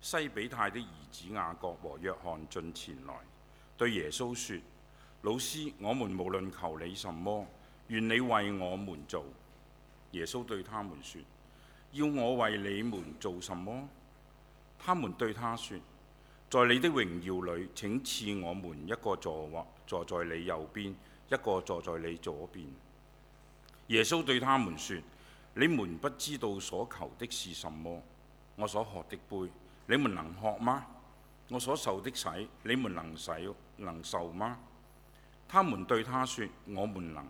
西比泰的兒子雅各和約翰進前來對耶穌說：老師，我們無論求你什麼，願你為我們做。耶穌對他們說：要我為你們做什麼？他們對他說：在你的榮耀裡請賜我們一個坐或坐在你右邊，一個坐在你左邊。耶穌對他們說：你們不知道所求的是什麼。我所喝的杯。你們能喝嗎？我所受的洗，你們能洗能受嗎？他們對他說：我們能。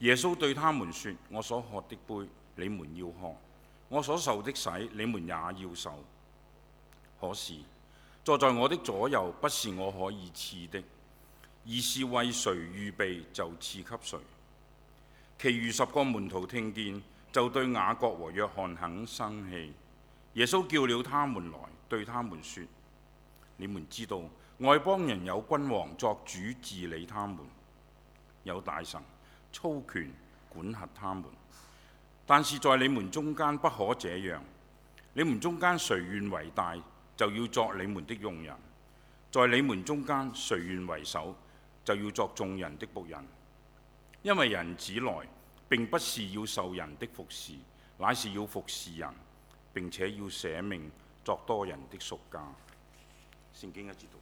耶穌對他們說：我所喝的杯，你們要喝；我所受的洗，你們也要受。可是坐在我的左右，不是我可以賜的，而是為誰預備就賜給誰。其餘十個門徒聽見，就對雅各和約翰很生氣。耶穌叫了他們來。對他們說：你們知道外邦人有君王作主治理他們，有大臣操權管轄他們。但是在你們中間不可這樣。你們中間誰願為大，就要作你們的用人；在你們中間誰願為首，就要作眾人的僕人。因為人子來並不是要受人的服侍，乃是要服侍人，並且要捨命。作多人的贖價。聖經一節讀。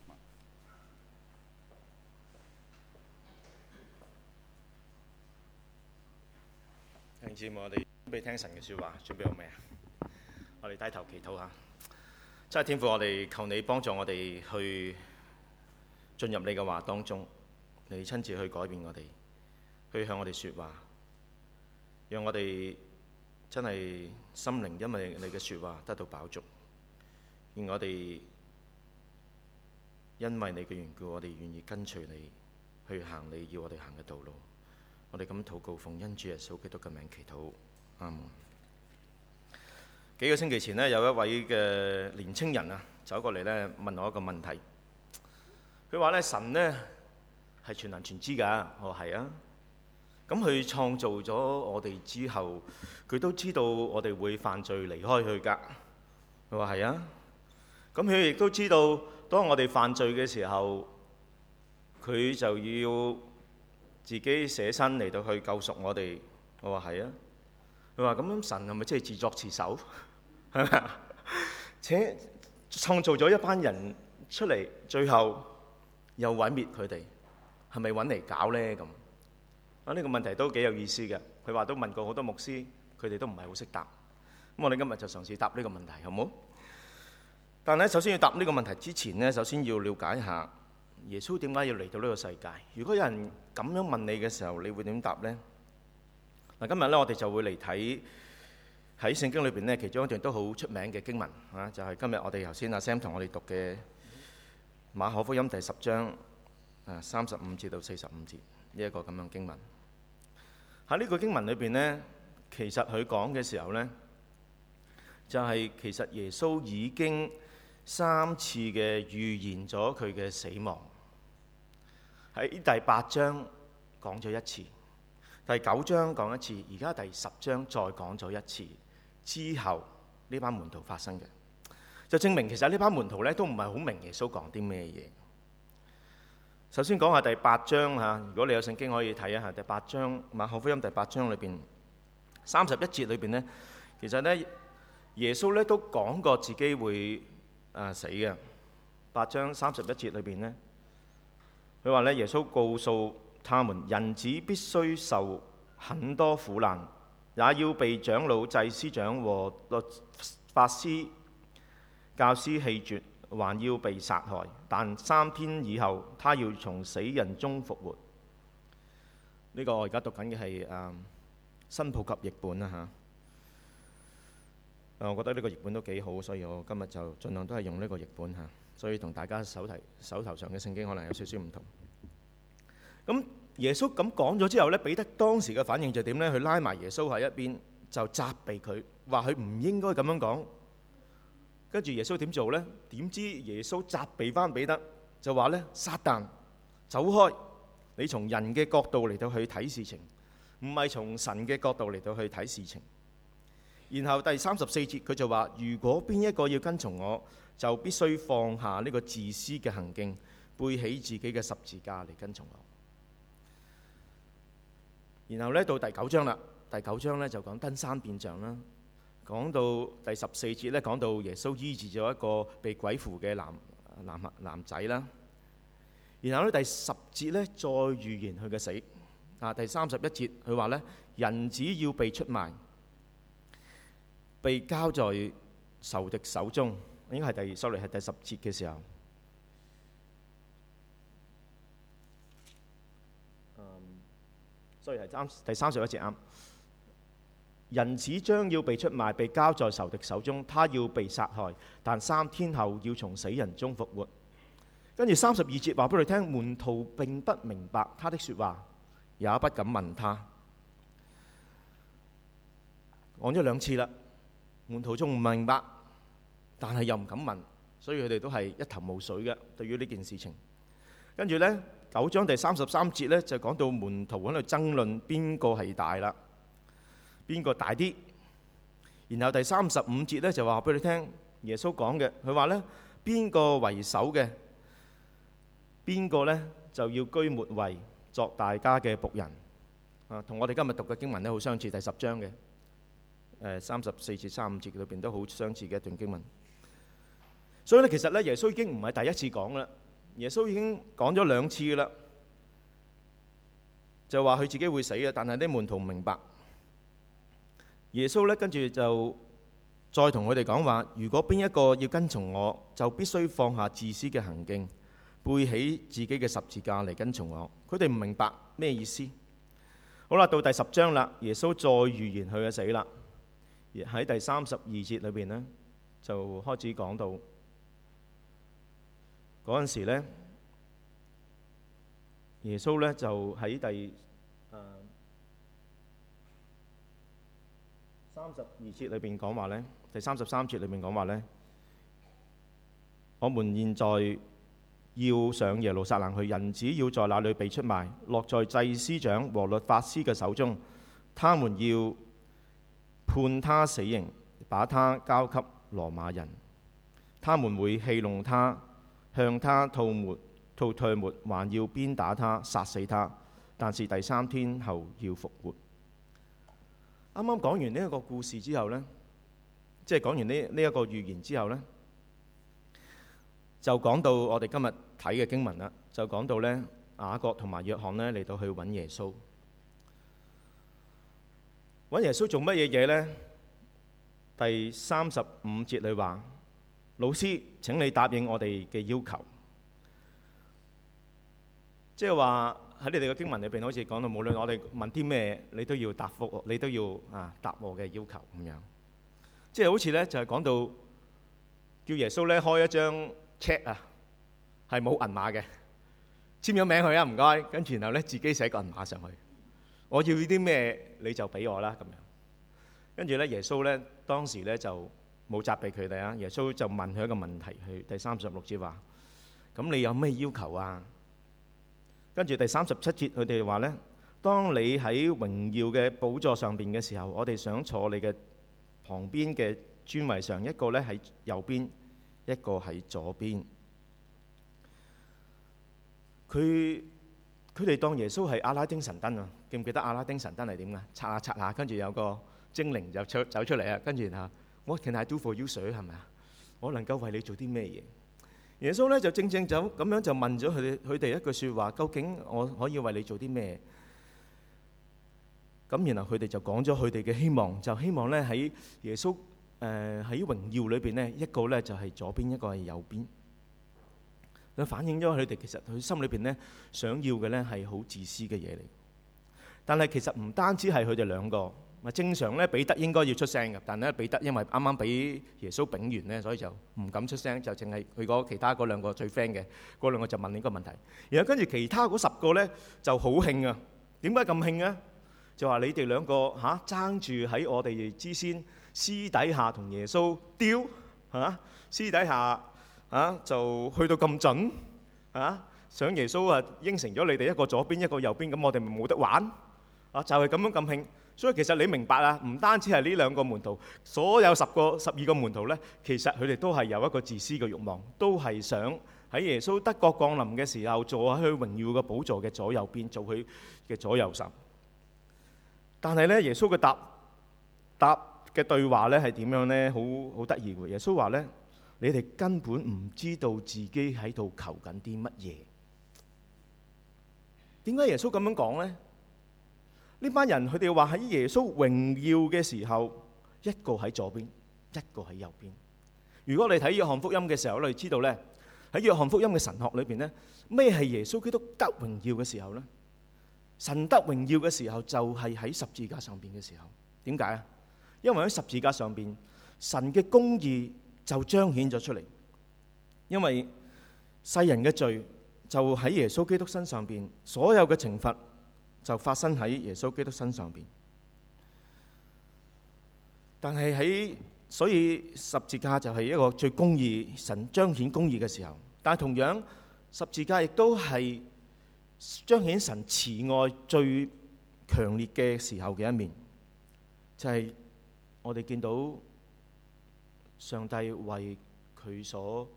聖子，我哋準備聽神嘅說話，準備好未啊？我哋低頭祈禱下。真係天父，我哋求你幫助我哋去進入你嘅話當中，你親自去改變我哋，去向我哋說話，讓我哋真係心靈因為你嘅說話得到飽足。我哋因為你嘅緣故，我哋願意跟隨你去行你要我哋行嘅道路。我哋咁禱告，奉恩主耶穌基督嘅名，祈禱。阿們。幾個星期前呢，有一位嘅年青人啊走過嚟呢，問我一個問題。佢話呢，神呢係全能全知㗎。我話係啊。咁佢創造咗我哋之後，佢都知道我哋會犯罪離開佢㗎。佢話係啊。咁佢亦都知道，當我哋犯罪嘅時候，佢就要自己捨身嚟到去救贖我哋。我話係啊，佢話咁神係咪即係自作自受？係 且創造咗一班人出嚟，最後又毀滅佢哋，係咪揾嚟搞咧？咁啊，呢個問題都幾有意思嘅。佢話都問過好多牧師，佢哋都唔係好識答。咁我哋今日就嘗試答呢個問題，好唔好？但係呢，首先要答呢個問題之前呢，首先要了解下耶穌點解要嚟到呢個世界。如果有人咁樣問你嘅時候，你會點答呢？嗱，今日呢我哋就會嚟睇喺聖經裏邊呢其中一段都好出名嘅經文啊，就係今日我哋頭先阿 Sam 同我哋讀嘅馬可福音第十章啊三十五至到四十五節呢一個咁樣經文。喺呢個經文裏邊呢，其實佢講嘅時候呢，就係其實耶穌已經三次嘅預言咗佢嘅死亡，喺第八章講咗一次，第九章講一次，而家第十章再講咗一次。之後呢班門徒發生嘅就證明其實呢班門徒咧都唔係好明耶穌講啲咩嘢。首先講下第八章嚇，如果你有聖經可以睇一下第八章，馬可福音第八章裏邊三十一節裏邊呢，其實呢，耶穌咧都講過自己會。啊、死嘅，八章三十一節裏邊呢，佢話咧耶穌告訴他們：人子必須受很多苦難，也要被長老、祭司長和律法師、教師棄絕，還要被殺害。但三天以後，他要從死人中復活。呢個我而家讀緊嘅係新普及譯本啦吓。誒，我覺得呢個譯本都幾好，所以我今日就盡量都係用呢個譯本吓，所以同大家手提手頭上嘅聖經可能有少少唔同。咁耶穌咁講咗之後呢，彼得當時嘅反應就點呢？佢拉埋耶穌喺一邊，就責備佢，話佢唔應該咁樣講。跟住耶穌點做呢？點知耶穌責備返彼得，就話呢：撒但，走開！你從人嘅角度嚟到去睇事情，唔係從神嘅角度嚟到去睇事情。然後第三十四節佢就話：如果邊一個要跟從我，就必須放下呢個自私嘅行徑，背起自己嘅十字架嚟跟從我。然後咧到第九章啦，第九章咧就講登山變像啦。講到第十四節咧，講到耶穌醫治咗一個被鬼附嘅男男男仔啦。然後咧第十節咧再預言佢嘅死。啊，第三十一節佢話咧：人只要被出賣。被交在仇敵手中，應該係第二，sorry 係第十節嘅時候，s、嗯、所以係三第三十一節啱。人子將要被出賣，被交在仇敵手中，他要被殺害，但三天後要從死人中復活。跟住三十二節話俾你聽，門徒並不明白他的說話，也不敢問他。講咗兩次啦。門徒仲唔明白，但係又唔敢問，所以佢哋都係一頭霧水嘅，對於呢件事情。跟住呢九章第三十三節呢就講到門徒喺度爭論邊個係大啦，邊個大啲。然後第三十五節呢就話俾你聽耶穌講嘅，佢話呢，邊個為首嘅，邊個呢就要居末位作大家嘅僕人。啊，同我哋今日讀嘅經文呢好相似，第十章嘅。三十四節、三五節裏邊都好相似嘅一段經文，所以咧，其實咧，耶穌已經唔係第一次講啦。耶穌已經講咗兩次啦，就話佢自己會死嘅，但係啲門徒唔明白。耶穌咧跟住就再同佢哋講話：「如果邊一個要跟從我，就必須放下自私嘅行徑，背起自己嘅十字架嚟跟從我。」佢哋唔明白咩意思。好啦，到第十章啦，耶穌再預言佢嘅死啦。喺第三十二節裏邊呢，就開始講到嗰陣時呢，耶穌呢就喺第三十二節裏邊講話呢，第三十三節裏面講話呢，我們現在要上耶路撒冷去，人只要在那裏被出賣，落在祭司長和律法師嘅手中，他們要。判他死刑，把他交給羅馬人，他們會戲弄他，向他吐沫、吐唾沫，還要鞭打他、殺死他，但是第三天後要復活。啱啱講完呢一個故事之後呢，即係講完呢呢一個預言之後呢，就講到我哋今日睇嘅經文啦，就講到呢，雅各同埋約翰呢嚟到去揾耶穌。揾耶穌做乜嘢嘢咧？第三十五節你話：老師，請你答應我哋嘅要求，即係話喺你哋嘅經文裏邊，好似講到無論我哋問啲咩，你都要答覆，你都要啊答我嘅要求咁樣。即係好似咧，就係講到叫耶穌咧開一張 check 啊，係冇銀碼嘅，簽咗名佢啊唔該，跟住然後咧自己寫個銀碼上去。我要呢啲咩？你就俾我啦，咁樣。跟住咧，耶穌咧當時咧就冇責備佢哋啊。耶穌就問佢一個問題，佢第三十六節話：咁你有咩要求啊？跟住第三十七節，佢哋話咧：當你喺榮耀嘅寶座上邊嘅時候，我哋想坐你嘅旁邊嘅尊位上，一個咧喺右邊，一個喺左邊。佢。佢哋當耶穌係阿拉丁神燈啊！記唔記得阿拉丁神燈係點噶？刷下刷下，跟住有個精靈就出走出嚟啊！跟住啊，What can I do for you，水係咪啊？我能夠為你做啲咩嘢？耶穌咧就正正就咁樣就問咗佢哋，佢哋一句説話：究竟我可以為你做啲咩嘢？咁然後佢哋就講咗佢哋嘅希望，就希望咧喺耶穌誒喺榮耀裏邊咧，一個咧就係左邊，一個係右邊。佢反映咗佢哋其實佢心裏邊咧想要嘅咧係好自私嘅嘢嚟，但係其實唔單止係佢哋兩個。咪正常咧，彼得應該要出聲嘅，但係咧彼得因為啱啱俾耶穌揈完咧，所以就唔敢出聲，就淨係佢嗰其他嗰兩個最 friend 嘅嗰兩個就問呢個問題。然後跟住其他嗰十個咧就好慶啊！點解咁慶呀？就話你哋兩個嚇爭住喺我哋之先私底下同耶穌屌，係嘛？私底下。啊，就去到咁準啊！想耶穌啊應承咗你哋一個左邊一個右邊，咁我哋咪冇得玩啊！就係咁樣咁興，所以其實你明白啊，唔單止係呢兩個門徒，所有十個十二個門徒呢，其實佢哋都係有一個自私嘅欲望，都係想喺耶穌得國降臨嘅時候，坐喺佢榮耀嘅寶座嘅左右邊，做佢嘅左右手。但係呢，耶穌嘅答答嘅對話呢係點樣呢？好好得意嘅，耶穌話呢。你哋根本唔知道自己喺度求緊啲乜嘢？點解耶穌咁樣講呢？呢班人佢哋話喺耶穌榮耀嘅時候，一個喺左邊，一個喺右邊。如果你睇約翰福音嘅時候，你哋知道呢，喺約翰福音嘅神學裏邊呢，咩係耶穌基督得榮耀嘅時候呢，神得榮耀嘅時候就係喺十字架上邊嘅時候。點解啊？因為喺十字架上邊，神嘅公義，就彰顯咗出嚟，因為世人嘅罪就喺耶穌基督身上邊，所有嘅懲罰就發生喺耶穌基督身上邊。但係喺所以十字架就係一個最公義神彰顯公義嘅時候，但係同樣十字架亦都係彰顯神慈愛最強烈嘅時候嘅一面，就係我哋見到。上帝為佢所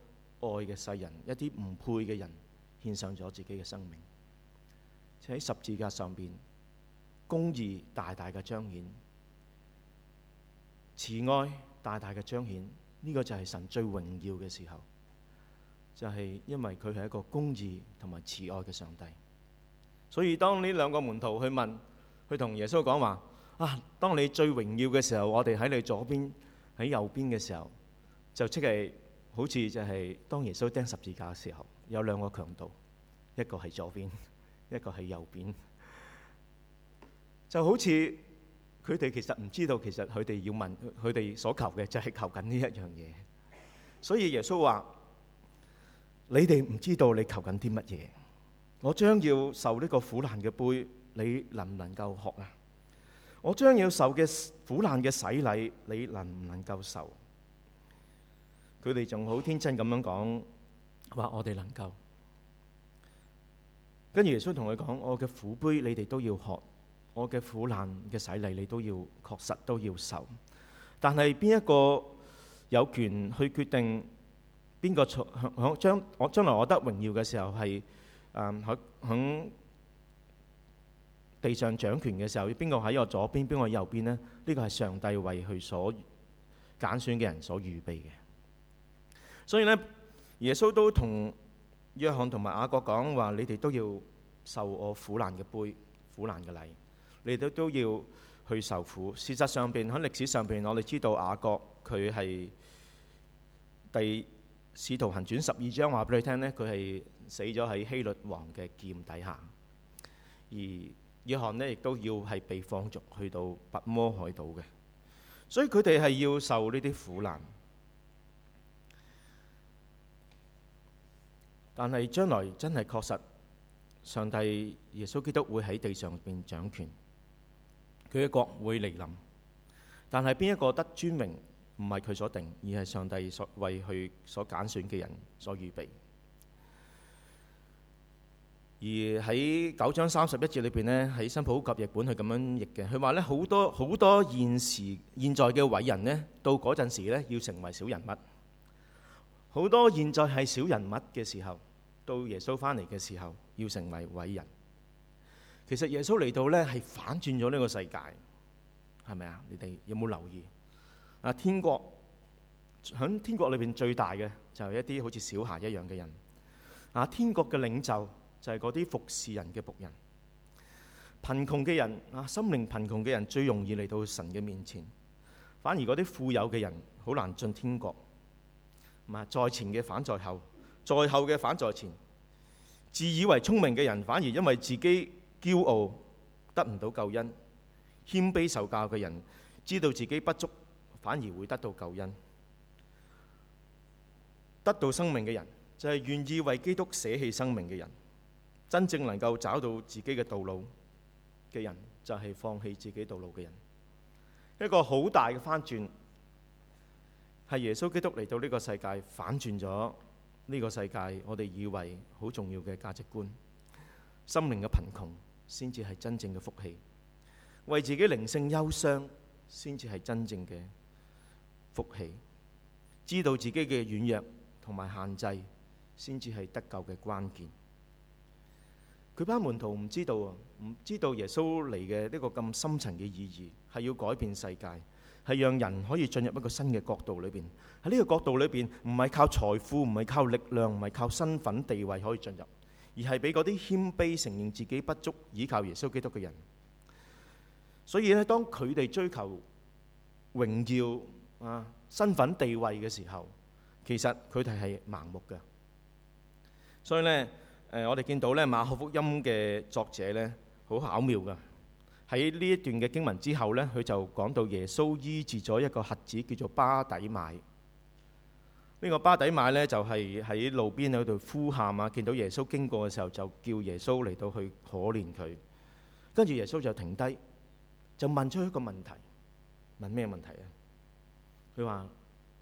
愛嘅世人，一啲唔配嘅人獻上咗自己嘅生命，就喺十字架上邊，公義大大嘅彰顯，慈愛大大嘅彰顯，呢個就係神最榮耀嘅時候，就係因為佢係一個公義同埋慈愛嘅上帝。所以當呢兩個門徒去問，去同耶穌講話：啊，當你最榮耀嘅時候，我哋喺你左邊，喺右邊嘅時候，就即係好似就係當耶穌釘十字架嘅時候，有兩個強盜，一個係左邊，一個係右邊，就好似佢哋其實唔知道，其實佢哋要問佢哋所求嘅就係、是、求緊呢一樣嘢。所以耶穌話：你哋唔知道你求緊啲乜嘢，我將要受呢個苦難嘅杯，你能唔能夠學啊？我將要受嘅苦難嘅洗禮，你能唔能夠受？佢哋仲好天真咁樣講，話我哋能夠。跟住耶穌同佢講：我嘅苦杯你哋都要喝，我嘅苦難嘅洗禮你都要確實都要受。但係邊一個有權去決定邊個將將來我得榮耀嘅時候係誒喺喺？嗯地上掌權嘅時候，邊個喺我左邊，邊個喺右邊呢？呢個係上帝為佢所揀選嘅人所預備嘅。所以呢，耶穌都同約翰同埋雅各講話：你哋都要受我苦難嘅杯、苦難嘅禮，你哋都要去受苦。事實上邊喺歷史上邊，我哋知道雅各佢係《第使徒行傳》十二章話俾你聽呢，佢係死咗喺希律王嘅劍底下，而。約翰呢亦都要係被放逐去到拔摩海島嘅，所以佢哋係要受呢啲苦難。但係將來真係確實，上帝耶穌基督會喺地上面掌權，佢嘅國會來臨。但係邊一個得尊榮，唔係佢所定，而係上帝為佢所揀選嘅人所預備。而喺九章三十一節裏邊呢，喺新普及譯本係咁樣譯嘅，佢話呢，好多好多現時現在嘅偉人呢，到嗰陣時呢要成為小人物；好多現在係小人物嘅時候，到耶穌翻嚟嘅時候要成為偉人。其實耶穌嚟到呢，係反轉咗呢個世界，係咪啊？你哋有冇留意啊？天國喺天國裏邊最大嘅就係一啲好似小孩一樣嘅人。啊，天國嘅領袖，就係嗰啲服侍人嘅僕人，貧窮嘅人啊，心靈貧窮嘅人最容易嚟到神嘅面前。反而嗰啲富有嘅人好難進天國，咁啊，在前嘅反在後，在後嘅反在前。自以為聰明嘅人反而因為自己驕傲得唔到救恩，謙卑受教嘅人知道自己不足，反而會得到救恩。得到生命嘅人就係，是，願意為基督捨棄棄生命嘅人。真正能夠找到自己嘅道路嘅人，就係放棄自己道路嘅人。一個好大嘅翻轉，係耶穌基督嚟到呢個世界，反轉咗呢個世界，我哋以為好重要嘅價值觀，心靈嘅貧窮先至係真正嘅福氣，為自己靈性憂傷先至係真正嘅福氣，知道自己嘅軟弱同埋限制，先至係得救嘅關鍵。佢班門徒唔知道，唔知道耶穌嚟嘅呢個咁深層嘅意義係要改變世界，係讓人可以進入一個新嘅角度裏邊。喺呢個角度裏邊，唔係靠財富，唔係靠力量，唔係靠身份地位可以進入，而係俾嗰啲謙卑、承認自己不足、依靠耶穌基督嘅人。所以咧，當佢哋追求榮耀啊、身份地位嘅時候，其實佢哋係盲目嘅。所以呢。誒、呃，我哋見到咧馬可福音嘅作者咧，好巧妙噶。喺呢一段嘅經文之後咧，佢就講到耶穌醫治咗一個瞎子，叫做巴底買。呢、這個巴底買咧就係、是、喺路邊喺度呼喊啊，見到耶穌經過嘅時候就叫耶穌嚟到去可憐佢。跟住耶穌就停低，就問出一個問題，問咩問題啊？佢話：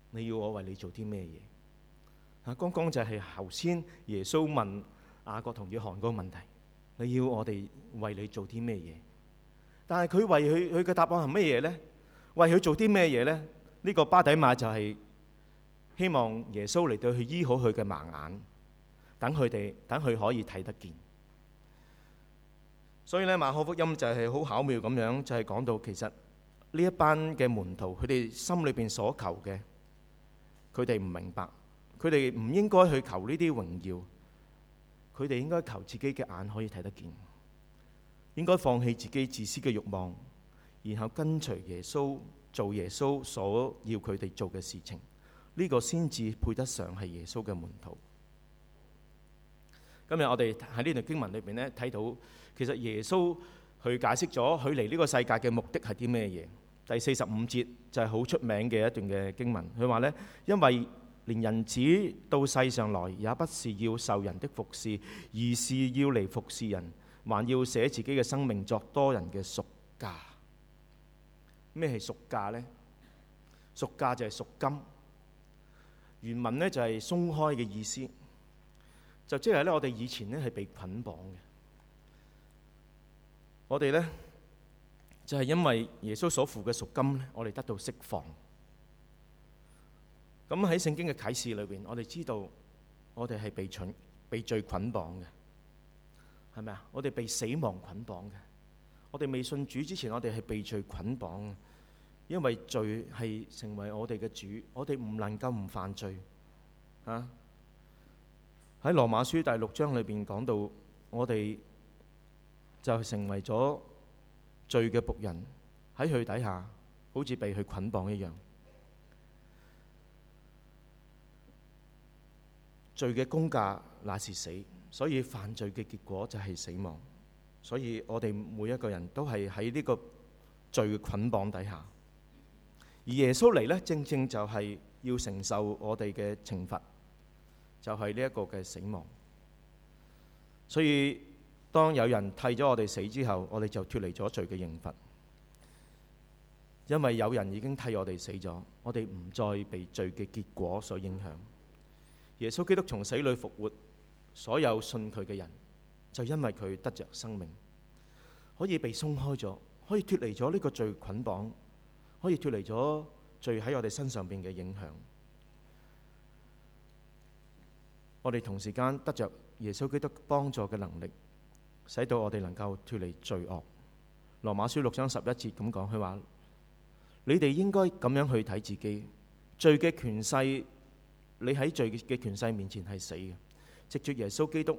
你要我為你做啲咩嘢？嚇，剛剛就係頭先耶穌問。雅各同約翰個問題，你要我哋為你做啲咩嘢？但係佢為佢佢嘅答案係咩嘢呢？為佢做啲咩嘢呢？呢個巴底馬就係希望耶穌嚟到去醫好佢嘅盲眼，等佢哋等佢可以睇得見。所以呢，馬可福音就係好巧妙咁樣，就係講到其實呢一班嘅門徒佢哋心裏邊所求嘅，佢哋唔明白，佢哋唔應該去求呢啲榮耀。佢哋應該求自己嘅眼可以睇得見，應該放棄自己自私嘅慾望，然後跟隨耶穌做耶穌所要佢哋做嘅事情，呢個先至配得上係耶穌嘅門徒。今日我哋喺呢段經文裏邊呢睇到，其實耶穌去解釋咗佢嚟呢個世界嘅目的係啲咩嘢。第四十五節就係好出名嘅一段嘅經文，佢話呢，因為。連人子到世上來，也不是要受人的服侍，而是要嚟服侍人，還要捨自己嘅生命作多人嘅贖價。咩係贖價呢？贖價就係贖金。原文呢就係鬆開嘅意思，就即係咧我哋以前呢係被捆綁嘅，我哋呢，就係因為耶穌所付嘅贖金咧，我哋得到釋放。咁喺聖經嘅啟示裏邊，我哋知道我哋係被罪被罪捆綁嘅，係咪啊？我哋被死亡捆綁嘅。我哋未信主之前，我哋係被罪捆綁，因為罪係成為我哋嘅主。我哋唔能夠唔犯罪啊！喺羅馬書第六章裏邊講到，我哋就成為咗罪嘅僕人，喺佢底下，好似被佢捆綁一樣。罪嘅工價那是死，所以犯罪嘅結果就係死亡。所以我哋每一個人都係喺呢個罪捆綁底下，而耶穌嚟咧，正正就係要承受我哋嘅懲罰，就係呢一個嘅死亡。所以當有人替咗我哋死之後，我哋就脫離咗罪嘅刑罰，因為有人已經替我哋死咗，我哋唔再被罪嘅結果所影響。耶穌基督從死裏復活，所有信佢嘅人就因為佢得着生命，可以被鬆開咗，可以脫離咗呢個罪捆綁，可以脫離咗罪喺我哋身上邊嘅影響。我哋同時間得着耶穌基督幫助嘅能力，使到我哋能夠脫離罪惡。羅馬書六章十一節咁講，佢話：你哋應該咁樣去睇自己，罪嘅權勢。你喺罪嘅權勢面前係死嘅，藉著耶穌基督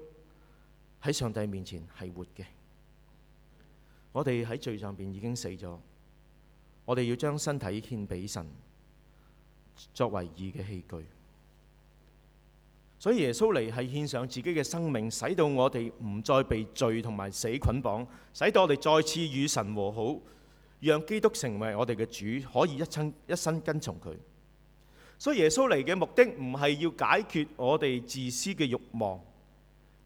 喺上帝面前係活嘅。我哋喺罪上邊已經死咗，我哋要將身體獻俾神作為義嘅器具。所以耶穌嚟係獻上自己嘅生命，使到我哋唔再被罪同埋死捆綁，使到我哋再次與神和好，讓基督成為我哋嘅主，可以一生一生跟從佢。所以耶穌嚟嘅目的唔係要解決我哋自私嘅慾望，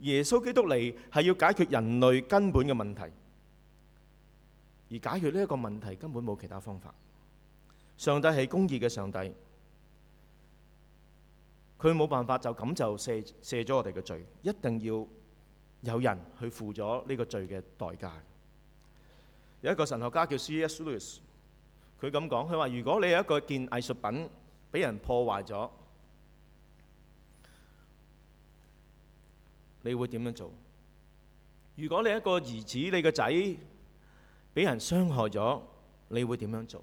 耶穌基督嚟係要解決人類根本嘅問題，而解決呢一個問題根本冇其他方法。上帝係公義嘅上帝，佢冇辦法就咁就赦赦咗我哋嘅罪，一定要有人去付咗呢個罪嘅代價。有一個神學家叫 C.S. Lewis，佢咁講，佢話：如果你有一個件藝術品，俾人破壞咗，你會點樣做？如果你一個兒子，你個仔俾人傷害咗，你會點樣做？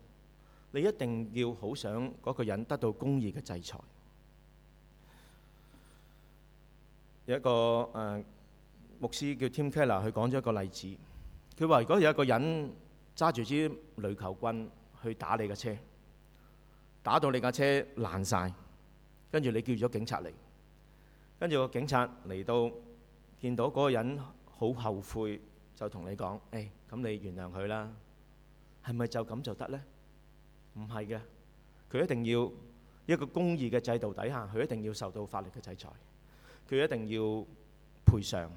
你一定要好想嗰個人得到公義嘅制裁。有一個、呃、牧師叫 Tim Keller，佢講咗一個例子。佢話：如果有一個人揸住支壘球棍去打你嘅車。打到你架車爛晒，跟住你叫咗警察嚟，跟住個警察嚟到見到嗰個人好後悔，就同你講：誒、欸，咁你原諒佢啦。係咪就咁就得呢？唔係嘅，佢一定要一個公義嘅制度底下，佢一定要受到法律嘅制裁。佢一定要賠償。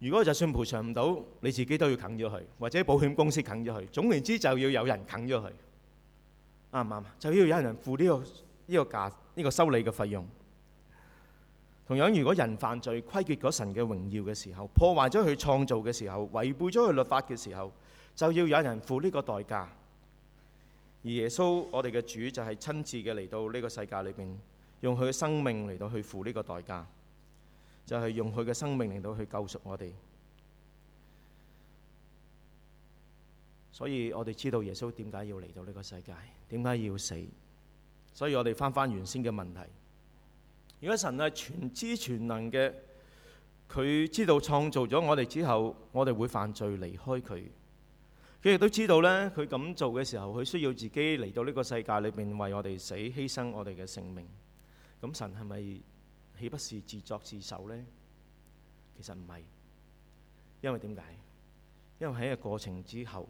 如果就算賠償唔到，你自己都要啃咗佢，或者保險公司啃咗佢。總言之，就要有人啃咗佢。啱唔啱就要有人付呢個呢個價，呢個修理嘅費用。同樣，如果人犯罪，虧缺咗神嘅榮耀嘅時候，破壞咗佢創造嘅時候，違背咗佢律法嘅時候，就要有人付呢個代價。而耶穌，我哋嘅主就係親自嘅嚟到，呢個世界裏邊，用佢嘅生命嚟到去付呢個代價，就係用佢嘅生命嚟到去救贖我哋。所以我哋知道耶穌點解要嚟到呢個世界，點解要死。所以我哋翻翻原先嘅問題，如果神係全知全能嘅，佢知道創造咗我哋之後，我哋會犯罪離開佢。佢亦都知道咧，佢咁做嘅時候，佢需要自己嚟到呢個世界裏邊為我哋死，犧牲我哋嘅性命。咁、嗯、神係咪？豈不是自作自受咧？其實唔係，因為點解？因為喺個過程之後。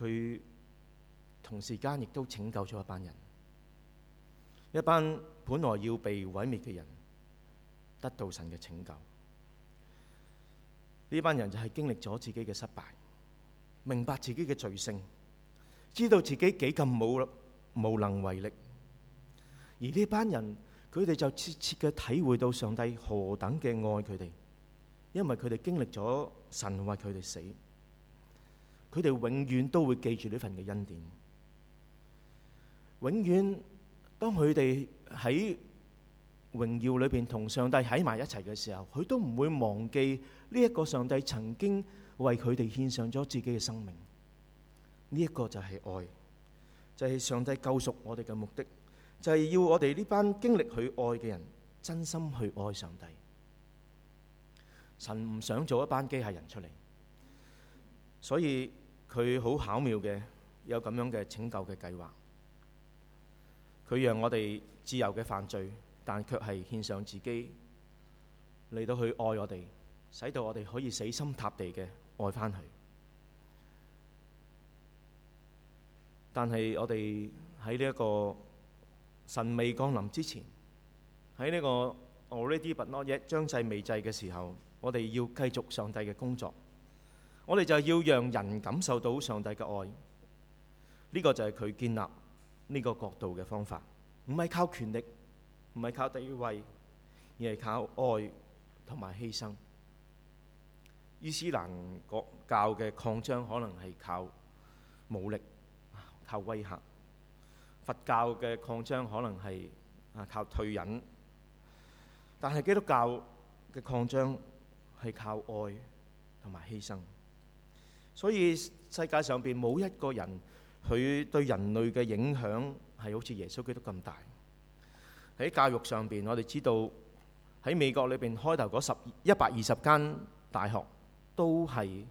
佢同時間亦都拯救咗一班人，一班本來要被毀滅嘅人，得到神嘅拯救。呢班人就係經歷咗自己嘅失敗，明白自己嘅罪性，知道自己幾咁無無能為力。而呢班人，佢哋就切切嘅體會到上帝何等嘅愛佢哋，因為佢哋經歷咗神為佢哋死。佢哋永遠都會記住呢份嘅恩典。永遠，當佢哋喺榮耀裏邊同上帝喺埋一齊嘅時候，佢都唔會忘記呢一個上帝曾經為佢哋獻上咗自己嘅生命。呢一個就係愛，就係上帝救贖我哋嘅目的，就係要我哋呢班經歷去愛嘅人真心去愛上帝。神唔想做一班機械人出嚟，所以。佢好巧妙嘅，有咁樣嘅拯救嘅計劃。佢讓我哋自由嘅犯罪，但卻係獻上自己嚟到去愛我哋，使到我哋可以死心塌地嘅愛返佢。但係我哋喺呢一個神未降臨之前，喺呢個 already but not yet 將製未製嘅時候，我哋要繼續上帝嘅工作。我哋就要讓人感受到上帝嘅愛，呢個就係佢建立呢個角度嘅方法，唔係靠權力，唔係靠地位，而係靠愛同埋犧牲。伊斯蘭國教嘅擴張可能係靠武力、靠威嚇；佛教嘅擴張可能係啊靠退隱，但係基督教嘅擴張係靠愛同埋犧牲。所以世界上邊冇一個人，佢對人類嘅影響係好似耶穌基督咁大。喺教育上邊，我哋知道喺美國裏邊開頭嗰十一百二十間大學都係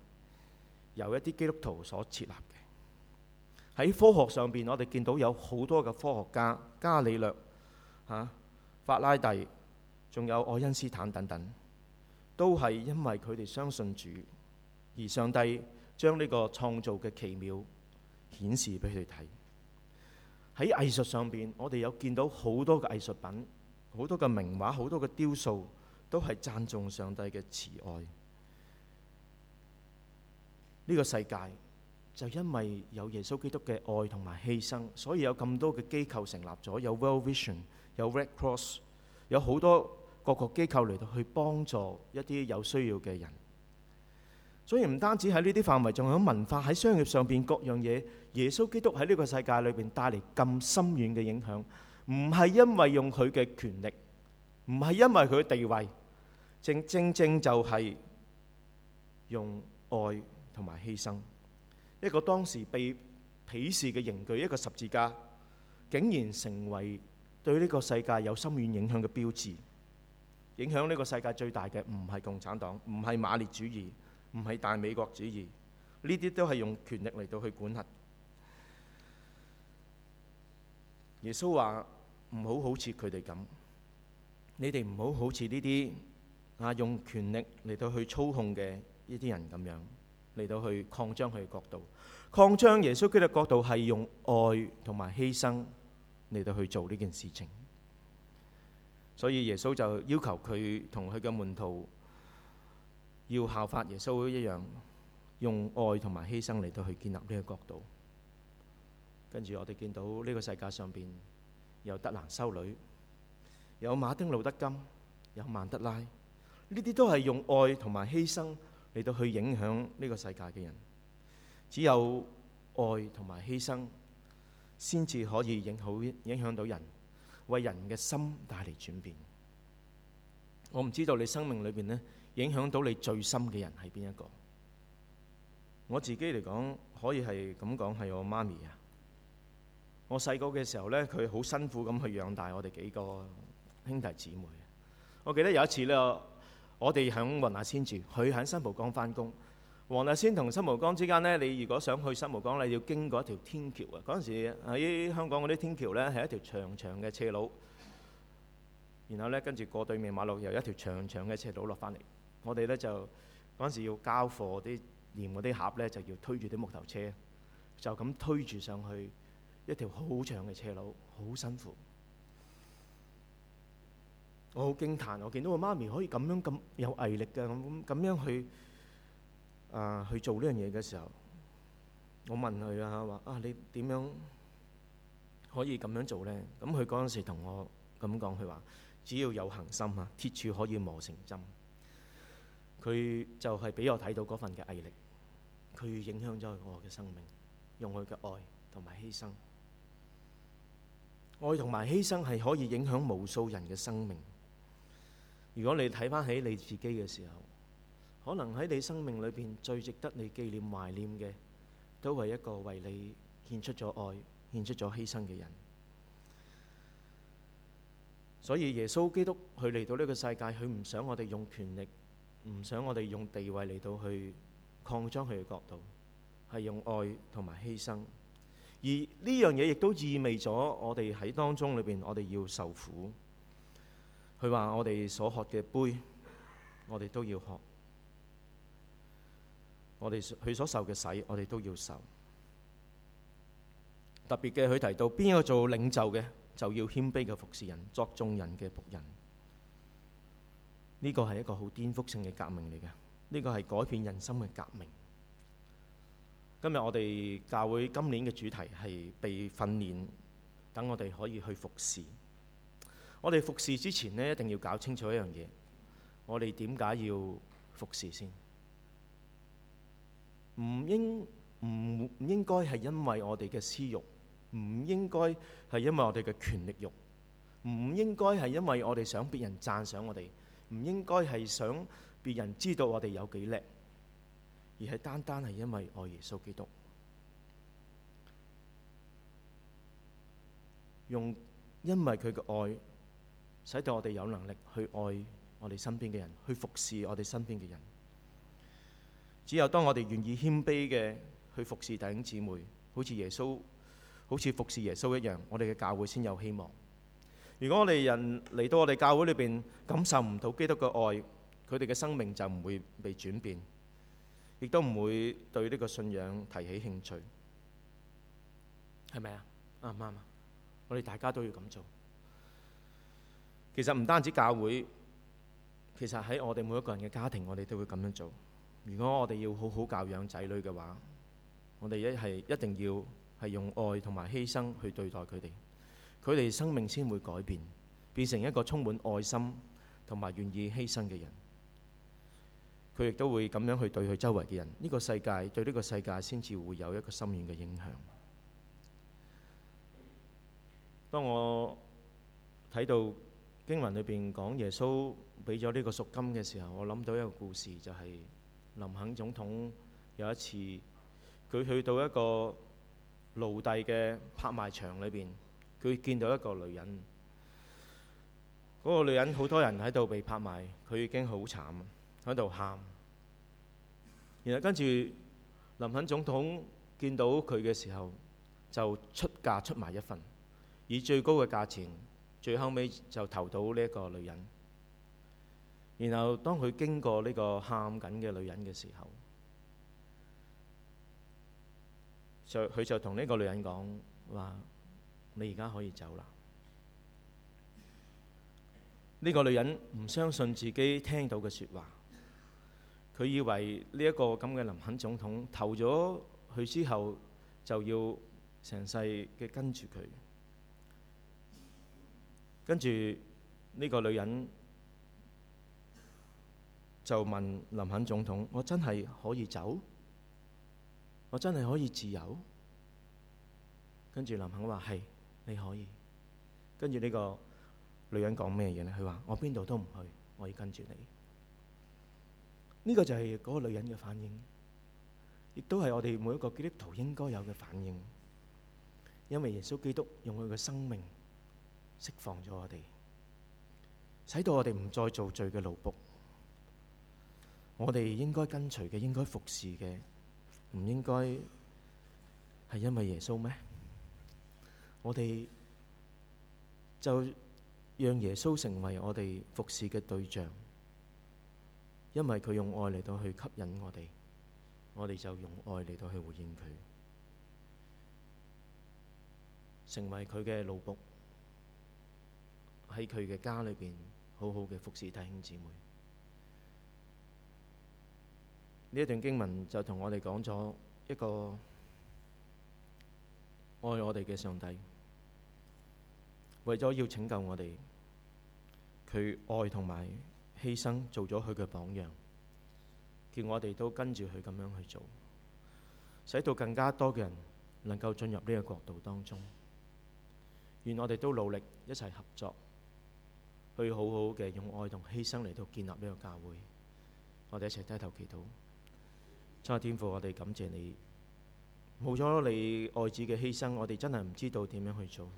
由一啲基督徒所設立嘅。喺科學上邊，我哋見到有好多嘅科學家，伽利略、吓、啊、法拉第，仲有愛因斯坦等等，都係因為佢哋相信主而上帝，將呢個創造嘅奇妙顯示俾佢哋睇。喺藝術上邊，我哋有見到好多嘅藝術品、好多嘅名畫、好多嘅雕塑，都係讚頌上帝嘅慈愛。呢個世界就因為有耶穌基督嘅愛同埋犧牲，所以有咁多嘅機構成立咗，有 World Vision，有 Red Cross，有好多各個機構嚟到去幫助一啲有需要嘅人。所以唔單止喺呢啲範圍，仲有文化、喺商業上邊各樣嘢，耶穌基督喺呢個世界裏邊帶嚟咁深遠嘅影響，唔係因為用佢嘅權力，唔係因為佢嘅地位，正正正就係用愛同埋犧牲。一個當時被鄙視嘅刑具，一個十字架，竟然成為對呢個世界有深遠影響嘅標誌。影響呢個世界最大嘅唔係共產黨，唔係馬列主義。唔係大美國主義，呢啲都係用權力嚟到去管轄。耶穌話：唔好好似佢哋咁，你哋唔好好似呢啲啊用權力嚟到去操控嘅呢啲人咁樣嚟到去擴張佢嘅角度。擴張耶穌佢嘅角度係用愛同埋犧牲嚟到去做呢件事情。所以耶穌就要求佢同佢嘅門徒。要效法耶穌一樣，用愛同埋犧牲嚟到去建立呢個國度。跟住我哋見到呢個世界上邊有德蘭修女，有馬丁路德金，有曼德拉，呢啲都係用愛同埋犧牲嚟到去影響呢個世界嘅人。只有愛同埋犧牲，先至可以影好影響到人，為人嘅心帶嚟轉變。我唔知道你生命裏邊呢。影響到你最深嘅人係邊一個？我自己嚟講，可以係咁講係我媽咪啊！我細個嘅時候呢，佢好辛苦咁去養大我哋幾個兄弟姊妹。我記得有一次呢，我哋響黃大仙住，佢喺新蒲崗翻工。黃大仙同新蒲崗之間呢，你如果想去新蒲崗呢，要經過一條天橋啊！嗰陣時喺香港嗰啲天橋呢，係一條長長嘅斜路，然後呢，跟住過對面馬路又一條長長嘅斜路落翻嚟。我哋咧就嗰陣時要交貨啲鹽嗰啲盒咧，就要推住啲木頭車，就咁推住上去，一條好長嘅斜路，好辛苦。我好驚歎，我見到我媽咪可以咁樣咁有毅力㗎，咁咁樣，樣，樣去啊、呃、去做呢樣嘢嘅時候，我問佢啊，話啊你點樣可以咁樣做咧？咁佢嗰陣時同我咁講，佢話只要有恒心啊，鐵柱可以磨成針。佢就係俾我睇到嗰份嘅毅力，佢影響咗我嘅生命，用佢嘅愛同埋犧牲。愛同埋犧牲係可以影響無數人嘅生命。如果你睇翻起你自己嘅時候，可能喺你生命裏邊最值得你紀念懷念嘅，都係一個為你獻出咗愛、獻出咗犧牲嘅人。所以耶穌基督，佢嚟到呢個世界，佢唔想我哋用權力。唔想我哋用地位嚟到去擴張佢嘅角度，係用愛同埋犧牲。而呢樣嘢亦都意味咗我哋喺當中裏邊，我哋要受苦。佢話：我哋所喝嘅杯，我哋都要喝；我哋佢所受嘅洗，我哋都要受。特別嘅，佢提到邊一個做領袖嘅，就要謙卑嘅服侍人，作眾人嘅僕人。呢個係一個好顛覆性嘅革命嚟嘅，呢個係改變人心嘅革命。今日我哋教會今年嘅主題係被訓練，等我哋可以去服侍。我哋服侍之前呢，一定要搞清楚一樣嘢。我哋點解要服侍先？唔應唔唔應該係因為我哋嘅私慾，唔應該係因為我哋嘅權力慾，唔應該係因為我哋想別人讚賞我哋。唔應該係想別人知道我哋有幾叻，而係單單係因為愛耶穌基督，用因為佢嘅愛，使到我哋有能力去愛我哋身邊嘅人，去服侍我哋身邊嘅人。只有當我哋願意謙卑嘅去服侍弟兄姊妹，好似耶穌，好似服侍耶穌一樣，我哋嘅教會先有希望。如果我哋人嚟到我哋教會裏邊感受唔到基督嘅愛，佢哋嘅生命就唔會被轉變，亦都唔會對呢個信仰提起興趣，係咪啊？啱唔啱啊？我哋大家都要咁做。其實唔單止教會，其實喺我哋每一個人嘅家庭，我哋都會咁樣做。如果我哋要好好教養仔女嘅話，我哋一係一定要係用愛同埋犧牲去對待佢哋。佢哋生命先會改變，變成一個充滿愛心同埋願意犧牲嘅人。佢亦都會咁樣去對佢周圍嘅人。呢個世界對呢個世界先至會有一個深遠嘅影響。當我睇到經文裏邊講耶穌俾咗呢個贖金嘅時候，我諗到一個故事，就係林肯總統有一次佢去到一個奴隸嘅拍賣場裏邊。佢見到一個女人，嗰個女人好多人喺度被拍賣，佢已經好慘，喺度喊。然後跟住林肯總統見到佢嘅時候，就出價出埋一份，以最高嘅價錢，最後尾就投到呢一個女人。然後當佢經過呢個喊緊嘅女人嘅時候，就佢就同呢個女人講話。你而家可以走啦！呢個女人唔相信自己聽到嘅說話，佢以為呢一個咁嘅林肯總統投咗佢之後，就要成世嘅跟住佢。跟住呢個女人就問林肯總統：我真係可以走？我真係可以自由？跟住林肯話：係。你可以跟住呢個女人講咩嘢咧？佢話我邊度都唔去，我要跟住你。呢、呢個就係嗰個女人嘅反應，亦都係我哋每一個基督徒應該有嘅反應。因為耶穌基督用佢嘅生命釋放咗我哋，使到我哋唔再做罪嘅奴僕。我哋應該跟隨嘅，應該服侍嘅，唔應該係因為耶穌咩？我哋就讓耶穌成為我哋服侍嘅對象，因為佢用愛嚟到去吸引我哋，我哋就用愛嚟到去回應佢，成為佢嘅奴僕，喺佢嘅家裏邊好好嘅服侍弟兄姊妹。呢一段經文就同我哋講咗一個。愛我哋嘅上帝，為咗要拯救我哋，佢愛同埋犧牲做咗佢嘅榜樣，叫我哋都跟住佢咁樣去做，使到更加多嘅人能夠進入呢個國度當中。願我哋都努力一齊合作，去好好嘅用愛同犧牲嚟到建立呢個教會。我哋一齊低頭祈禱，真係天父，我哋感謝你。冇咗你愛子嘅犧牲，我哋真係唔知道點樣去做，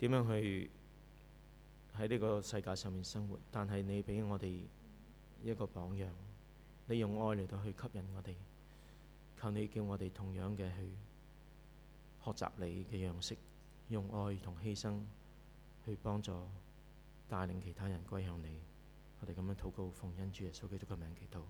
點樣去喺呢個世界上面生活。但係你俾我哋一個榜樣，你用愛嚟到去吸引我哋。求你叫我哋同樣嘅去學習你嘅樣式，用愛同犧牲去幫助、帶領其他人歸向你。我哋咁樣禱告，奉恩主耶穌基督嘅名祈禱。